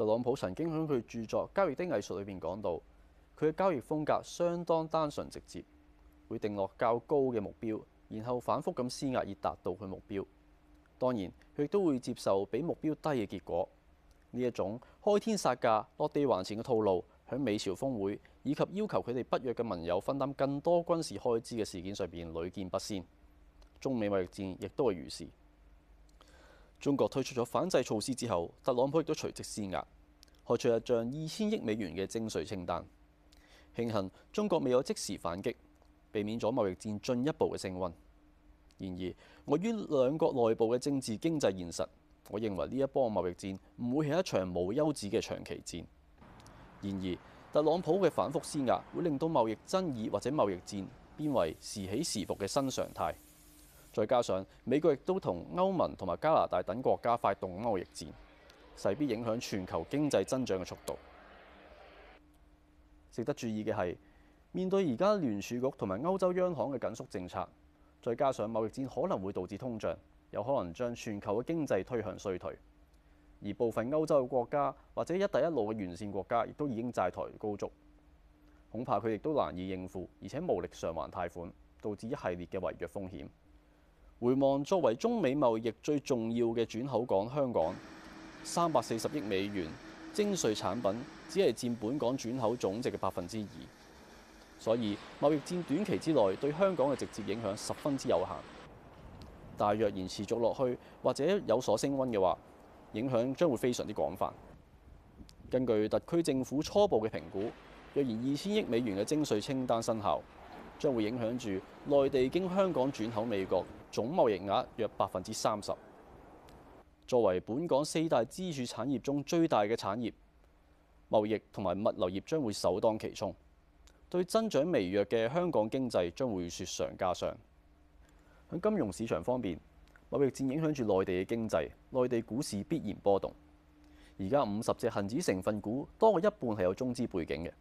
特朗普曾經喺佢著作《交易的藝術》裏邊講到，佢嘅交易風格相當單純直接，會定落較高嘅目標，然後反覆咁施壓以達到佢目標。當然，佢亦都會接受比目標低嘅結果。呢一種開天殺價、落地還錢嘅套路，喺美朝峰會以及要求佢哋北約嘅盟友分擔更多軍事開支嘅事件上邊屢見不鮮。中美貿易戰亦都係如是。中國推出咗反制措施之後，特朗普亦都隨即施壓，開出一張二千億美元嘅徵稅清單。慶幸中國未有即時反擊，避免咗貿易戰進一步嘅升溫。然而，礙於兩國內部嘅政治經濟現實，我認為呢一波貿易戰唔會係一場無休止嘅長期戰。然而，特朗普嘅反覆施壓會令到貿易爭議或者貿易戰變為時起時伏嘅新常態。再加上美國亦都同歐盟同埋加拿大等國家發動貿易戰，勢必影響全球經濟增長嘅速度。值得注意嘅係，面對而家聯儲局同埋歐洲央行嘅緊縮政策，再加上貿易戰可能會導致通脹，有可能將全球嘅經濟推向衰退。而部分歐洲嘅國家或者一帶一路嘅沿線國家亦都已經債台高築，恐怕佢亦都難以應付，而且無力償還貸款，導致一系列嘅違約風險。回望作為中美貿易最重要嘅轉口港，香港三百四十億美元徵稅產品只係佔本港轉口總值嘅百分之二，所以貿易戰短期之內對香港嘅直接影響十分之有限。但若然持續落去或者有所升温嘅話，影響將會非常之廣泛。根據特區政府初步嘅評估，若然二千億美元嘅徵稅清單生效。將會影響住內地經香港轉口美國總貿易額約百分之三十。作為本港四大支柱產業中最大嘅產業，貿易同埋物流業將會首當其衝，對增長微弱嘅香港經濟將會雪上加霜。喺金融市場方面，貿易戰影響住內地嘅經濟，內地股市必然波動。而家五十隻恒指成分股多過一半係有中資背景嘅。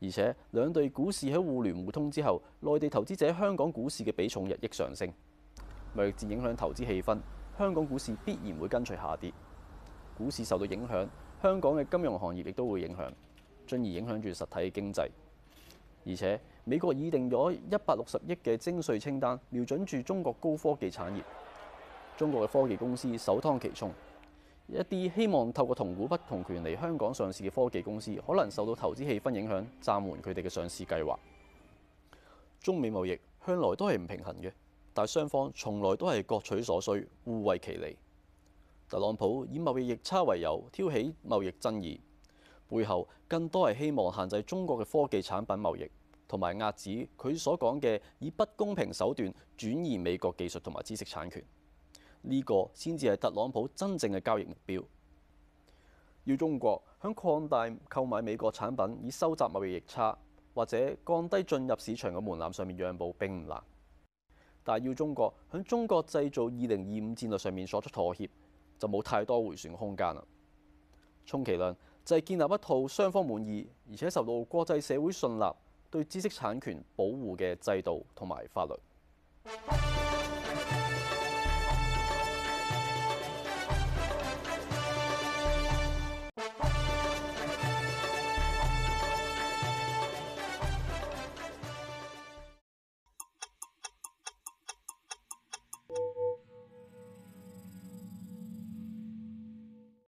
而且兩地股市喺互聯互通之後，內地投資者香港股市嘅比重日益上升，逐漸影響投資氣氛。香港股市必然會跟隨下跌，股市受到影響，香港嘅金融行業亦都會影響，進而影響住實體經濟。而且美國擬定咗一百六十億嘅徵稅清單，瞄準住中國高科技產業，中國嘅科技公司首當其衝。一啲希望透過同股不同權嚟香港上市嘅科技公司，可能受到投資氣氛影響，暫緩佢哋嘅上市計劃。中美貿易向來都係唔平衡嘅，但雙方從來都係各取所需，互為其利。特朗普以貿易逆差為由挑起貿易爭議，背後更多係希望限制中國嘅科技產品貿易，同埋壓止佢所講嘅以不公平手段轉移美國技術同埋知識產權。呢個先至係特朗普真正嘅交易目標，要中國響擴大購買美國產品以收窄貿易逆差，或者降低進入市場嘅門檻上面讓步並唔難，但要中國響中國製造二零二五戰略上面作出妥協，就冇太多回旋空間啦。充其量就係建立一套雙方滿意而且受到國際社會信納對知識產權保護嘅制度同埋法律。